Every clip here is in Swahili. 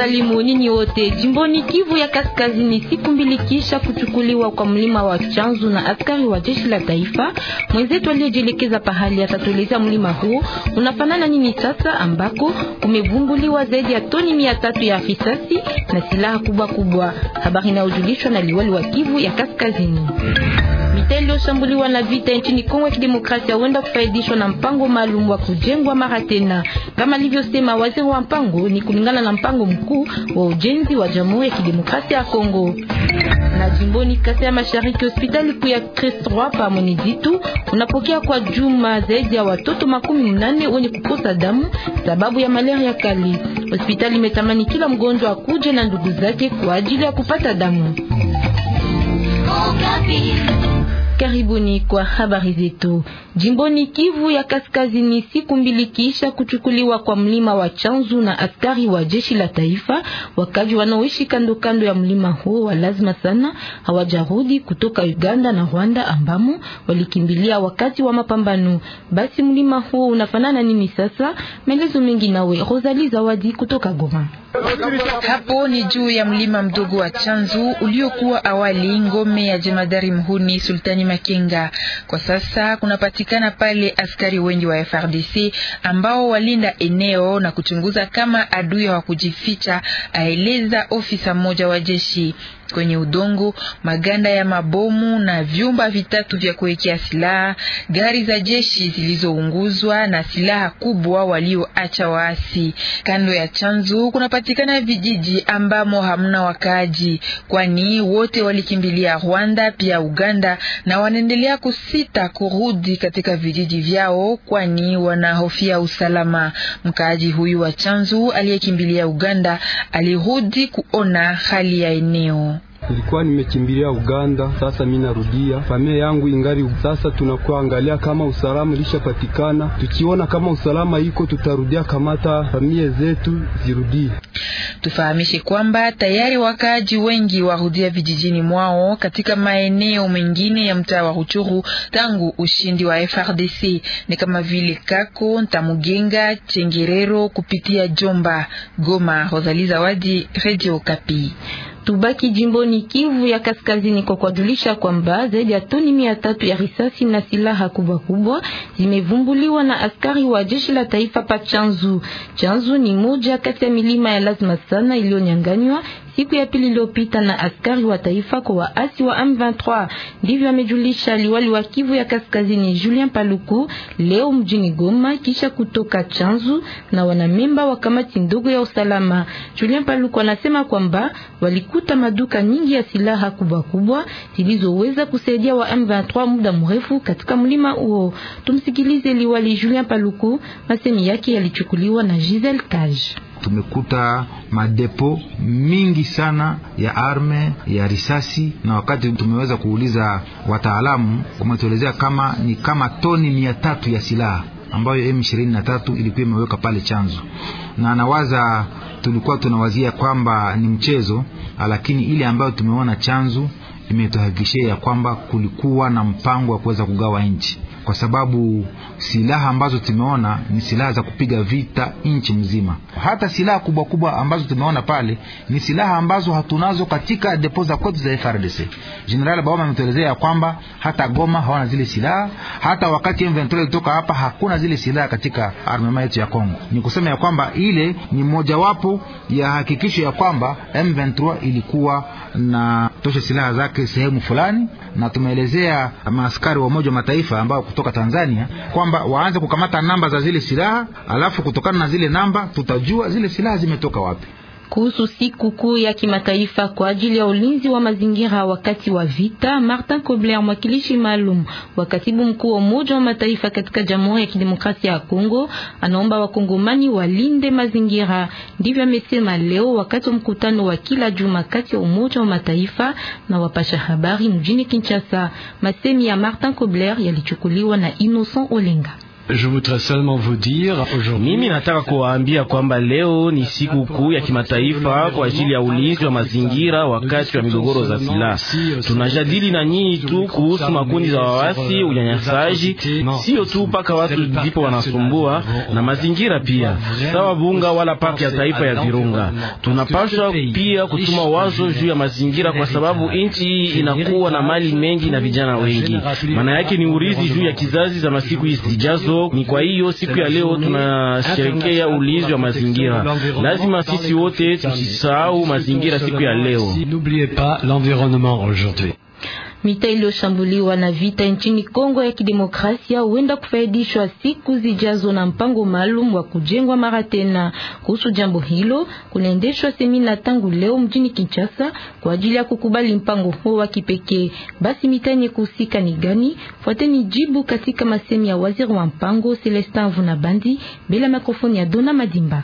kusalimu nyinyi wote. Jimboni Kivu ya Kaskazini, siku mbili kisha kuchukuliwa kwa mlima wa Chanzu na askari wa jeshi la taifa, mwenzetu aliyejielekeza pahali atatueleza mlima huo unafanana nini sasa, ambako kumevumbuliwa zaidi ya toni mia tatu ya fisasi na silaha kubwa kubwa. Habari inayojulishwa na liwali wa Kivu ya Kaskazini. Sante iliyoshambuliwa na vita nchini Kongo ya Kidemokrasia huenda kufaidishwa na mpango maalum wa kujengwa mara tena, kama alivyosema waziri wa mpango. Ni kulingana na mpango mkuu wa ujenzi wa Jamhuri ya Kidemokrasia ya Kongo. Na jimboni Kasai ya Mashariki, hospitali kuu ya Christ Roi pa Monizitu unapokea kwa juma zaidi ya watoto makumi nane wenye kukosa damu sababu ya malaria kali. Hospitali imetamani kila mgonjwa akuje na ndugu zake kwa ajili ya kupata damu. Oh, Karibuni kwa habari zetu. Jimboni Kivu ya Kaskazini, siku mbili kisha kuchukuliwa kwa mlima wa Chanzu na askari wa jeshi la taifa, wakaji wanaoishi kando kando ya mlima huo wa lazima sana hawajarudi kutoka Uganda na Rwanda ambamo walikimbilia wakati wa mapambano. Basi mlima huo unafanana nini sasa? Maelezo mengi nawe Rosalie Zawadi kutoka Goma. Hapo ni juu ya mlima mdogo wa Chanzu uliokuwa awali ngome ya jemadari mhuni Sultani Makenga. Kwa sasa kunapatikana pale askari wengi wa FRDC ambao walinda eneo na kuchunguza kama adui wa kujificha, aeleza ofisa mmoja wa jeshi kwenye udongo, maganda ya mabomu na vyumba vitatu vya kuwekea silaha, gari za jeshi zilizounguzwa na silaha kubwa walioacha waasi. Kando ya chanzo kunapatikana vijiji ambamo hamna wakaaji, kwani wote walikimbilia Rwanda pia Uganda, na wanaendelea kusita kurudi katika vijiji vyao, kwani wanahofia usalama. Mkaaji huyu wa chanzo aliyekimbilia Uganda alirudi kuona hali ya eneo nilikuwa nimekimbilia Uganda, sasa mimi narudia familia yangu ingali. Sasa tunakuangalia kama usalama ilishapatikana, tukiona kama usalama iko tutarudia kamata familia zetu zirudie. Tufahamishe kwamba tayari wakaaji wengi warudia vijijini mwao katika maeneo mengine ya mtaa wa Ruchuru tangu ushindi wa FRDC ni kama vile Kako, Ntamugenga, Chengerero kupitia Jomba, Goma. Rosalie Zawadi, Radio Kapi. Tubaki jimboni Kivu ya Kaskazini kwa kuadulisha kwamba zaidi ya toni mia tatu ya risasi na silaha kubwa kubwa zimevumbuliwa na askari wa jeshi la taifa pa Chanzu. Chanzu ni moja kati ya milima ya lazima sana iliyonyanganywa siku ya pili iliyopita na askari wa taifa kwa waasi wa M23. Ndivyo amejulisha liwali wa Kivu ya Kaskazini Julien Paluku leo mjini Goma, kisha kutoka chanzu na wanamemba wa kamati ndogo ya usalama. Julien Paluku anasema kwamba walikuta maduka nyingi ya silaha kubwa kubwa zilizoweza kusaidia wa M23 muda mrefu katika mlima huo. Tumsikilize liwali Julien Paluku, masemi yake yalichukuliwa na Giselle Cage tumekuta madepo mingi sana ya arme ya risasi, na wakati tumeweza kuuliza wataalamu wametuelezea kama ni kama toni mia tatu ya silaha ambayo M23 ilikuwa imeweka pale chanzo, na nawaza tulikuwa tunawazia kwamba ni mchezo, lakini ile ambayo tumeona chanzo imetuhakikishia ya kwamba kulikuwa na mpango wa kuweza kugawa nchi kwa sababu silaha ambazo tumeona ni silaha za kupiga vita nchi mzima. Hata silaha kubwa kubwa ambazo tumeona pale ni silaha ambazo hatunazo katika depo za kwetu za FRDC. General Baoma ametuelezea ya kwamba hata Goma hawana zile silaha, hata wakati M23 ilitoka hapa hakuna zile silaha katika armema yetu ya Kongo. Ni kusema ya kwamba ile ni mojawapo ya hakikisho ya kwamba M23 ilikuwa na atoshe silaha zake sehemu fulani, na tumeelezea maaskari wa Umoja wa Mataifa ambao kutoka Tanzania kwamba waanze kukamata namba za zile silaha, alafu kutokana na zile namba tutajua zile silaha zimetoka wapi kuhusu siku kuu ya kimataifa kwa ajili ya ulinzi wa mazingira wakati wa vita. Martin Kobler, mwakilishi maalum wa katibu mkuu wa Umoja wa Mataifa katika Jamhuri ya Kidemokrasia ya Kongo, anaomba wakongomani walinde mazingira. Ndivyo amesema leo wakati wa mkutano wa kila juma kati ya Umoja wa Mataifa na wapasha habari mjini Kinshasa. Masemi ya Martin Kobler yalichukuliwa na Innocent Olenga. Mimi nataka kuwaambia kwamba leo ni siku kuu ya kimataifa kwa ajili ya ulinzi wa mazingira wakati wa migogoro za silaha. Tunajadili na nyinyi tu kuhusu makundi za wawasi, unyanyasaji, sio tu mpaka watu ndipo wanasumbua na mazingira pia, sawa bunga wala paki ya taifa ya Virunga. Tunapaswa pia kutuma wazo juu ya mazingira, kwa sababu nchi hii inakuwa na mali mengi na vijana wengi. Maana yake ni urithi juu ya kizazi za masiku zijazo hiyo ni kwa hiyo siku ya leo tunasherekea ulinzi wa mazingira. Lazima sisi wote tusisahau mazingira siku ya leo. Mita iliyoshambuliwa na vita nchini Kongo ya Kidemokrasia huenda kufaidishwa siku zijazo na mpango maalum wa kujengwa mara tena. Kuhusu jambo hilo, kunaendeshwa semina tangu leo mjini Kinshasa kwa ajili ya kukubali mpango huo wa kipekee. Basi mita yenye kuhusika ni gani? Fuateni jibu katika masemi ya waziri wa mpango Celestin Vunabandi bila mikrofoni ya Dona Madimba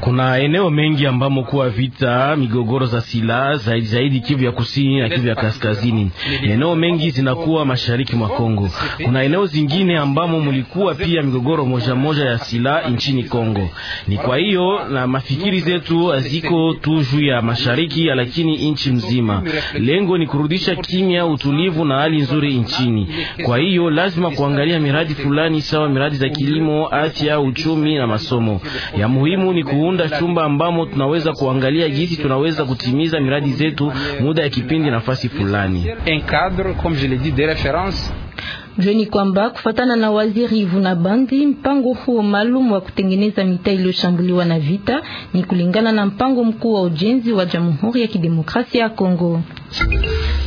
kuna eneo mengi ambamo kuwa vita migogoro za silaha zaidi zaidi Kivu ya kusini na Kivu ya kaskazini. Eneo mengi zinakuwa mashariki mwa Kongo. Kuna eneo zingine ambamo mulikuwa pia migogoro moja moja ya silaha nchini Kongo. Ni kwa hiyo na mafikiri zetu haziko tu juu ya mashariki, lakini nchi mzima. Lengo ni kurudisha kimya, utulivu na hali nzuri nchini. Kwa hiyo lazima kuangalia miradi fulani sawa, miradi za kilimo, afya, uchumi uchumi na masomo. Ya muhimu ni kuunda chumba ambamo tunaweza kuangalia jinsi tunaweza kutimiza miradi zetu muda ya kipindi nafasi fulani. Jueni kwamba kufatana na waziri Ivuna Bandi, mpango huo maalum wa kutengeneza mitaa iliyoshambuliwa na vita ni kulingana na mpango mkuu wa ujenzi wa Jamhuri ya Kidemokrasia ya Kongo.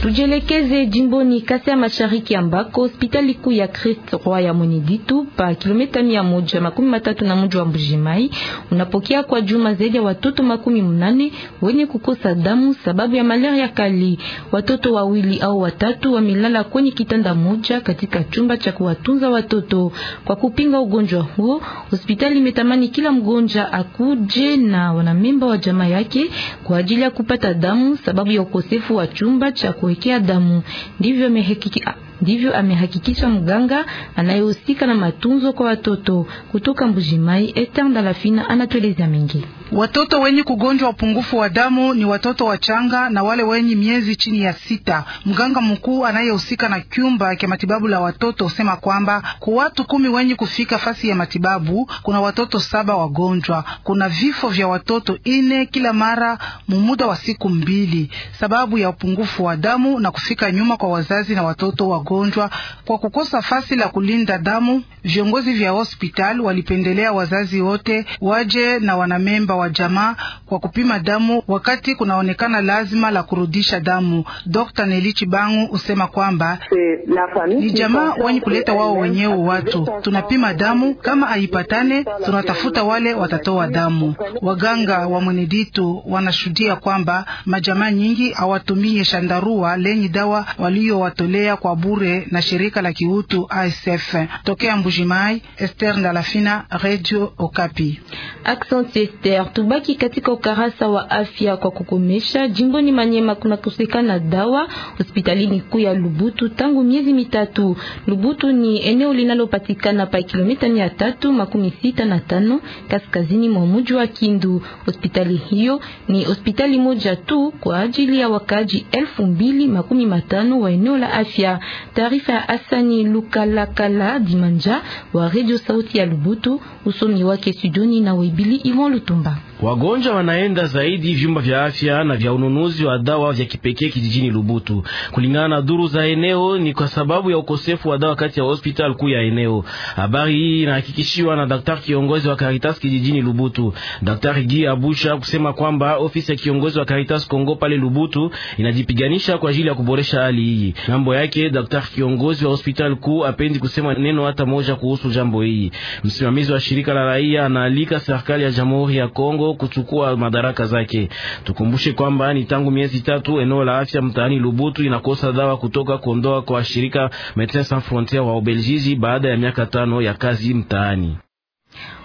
Tujelekeze jimboni Kasai ya Mashariki ambako hospitali kuu ya Christ Roi ya Mweneditu pa kilomita mia moja makumi matatu na mji wa Mbujimai unapokea kwa juma zaidi ya watoto makumi mnane wenye kukosa damu sababu ya malaria kali. Watoto wawili au watatu wamelala kwenye kitanda moja katika chumba cha kuwatunza watoto. Kwa kupinga ugonjwa huo, hospitali imetamani kila mgonja akuje na wanamemba wa jamaa yake kwa ajili ya kupata damu sababu ya ukosefu wa chumba cha kuwekea damu. Ndivyo amehakikisha ndivyo amehakikisha mganga anayehusika na matunzo kwa watoto kutoka Mbujimai. Etanda Lafina anatueleza mengi. Watoto wenye kugonjwa upungufu wa damu ni watoto wachanga na wale wenye miezi chini ya sita. Mganga mkuu anayehusika na kyumba cha matibabu la watoto husema kwamba kwa watu kumi wenye kufika fasi ya matibabu kuna watoto saba wagonjwa. Kuna vifo vya watoto ine kila mara mumuda wa siku mbili, sababu ya upungufu wa damu na kufika nyuma kwa wazazi na watoto wagonjwa kwa kukosa fasi la kulinda damu. Viongozi vya hospitali walipendelea wazazi wote waje na wanamemba wa jamaa kwa kupima damu wakati kunaonekana lazima la kurudisha damu. Dr. nelichi bangu usema kwamba ni jamaa wenye kuleta wao wenyewe watu, tunapima damu, kama haipatane tunatafuta wale watatoa damu. Waganga wa Mweneditu wanashuhudia kwamba majamaa nyingi hawatumie shandarua lenye dawa waliowatolea kwa bure na shirika la kiutu ASF. Tokea Mbujimai, Esther Ndalafina, Radio Okapi. Accent Esther Tubaki katika ukarasa wa afya kwa kukomesha. Jimboni Manyema kuna kusikana dawa hospitalini kuu ya Lubutu tangu miezi mitatu. Lubutu ni eneo linalopatikana pa kilomita mia tatu makumi sita na tano kaskazini mwa mji wa Kindu. Hospitali hiyo ni hospitali moja tu kwa ajili ya wakaaji elfu mbili makumi matano wa eneo la afya. Taarifa ya Asani Lukalakala Dimanja wa Radio Sauti ya Lubutu, usomi wake studioni na Webili Ivon Lutumba. Wagonjwa wanaenda zaidi vyumba vya afya na vya ununuzi wa dawa vya kipekee kijijini Lubutu. Kulingana na duru za eneo, ni kwa sababu ya ukosefu wa dawa kati ya hospitali kuu ya eneo. Habari hii inahakikishiwa na daktari kiongozi wa Caritas kijijini Lubutu, Daktari Gi Abusha, kusema kwamba ofisi ya kiongozi wa Caritas Kongo pale Lubutu inajipiganisha kwa ajili ya kuboresha hali hii. Ngambo yake, daktari kiongozi wa hospitali kuu apendi kusema neno hata moja kuhusu jambo hili. Msimamizi wa shirika la raia anaalika serikali ya Jamhuri ya Kongo kuchukua madaraka zake. Tukumbushe kwamba ni tangu miezi tatu eneo la afya mtaani Lubutu inakosa dawa kutoka kuondoa kwa shirika Medecins Sans Frontieres wa Ubelgiji baada ya miaka tano ya kazi mtaani.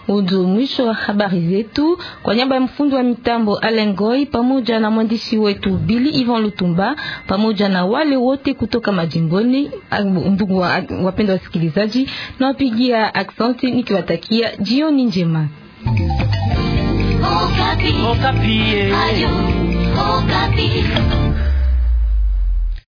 Udu mwisho wa habari zetu kwa nyamba ya mfundi wa mitambo Alengoi pamoja na mwandishi wetu Bili Ivan Lutumba pamoja na wale wote kutoka majimboni. Ndugu wapendwa wasikilizaji, nawapigia aksanti nikiwatakia jioni njema. Okapi. Okapi. Eh.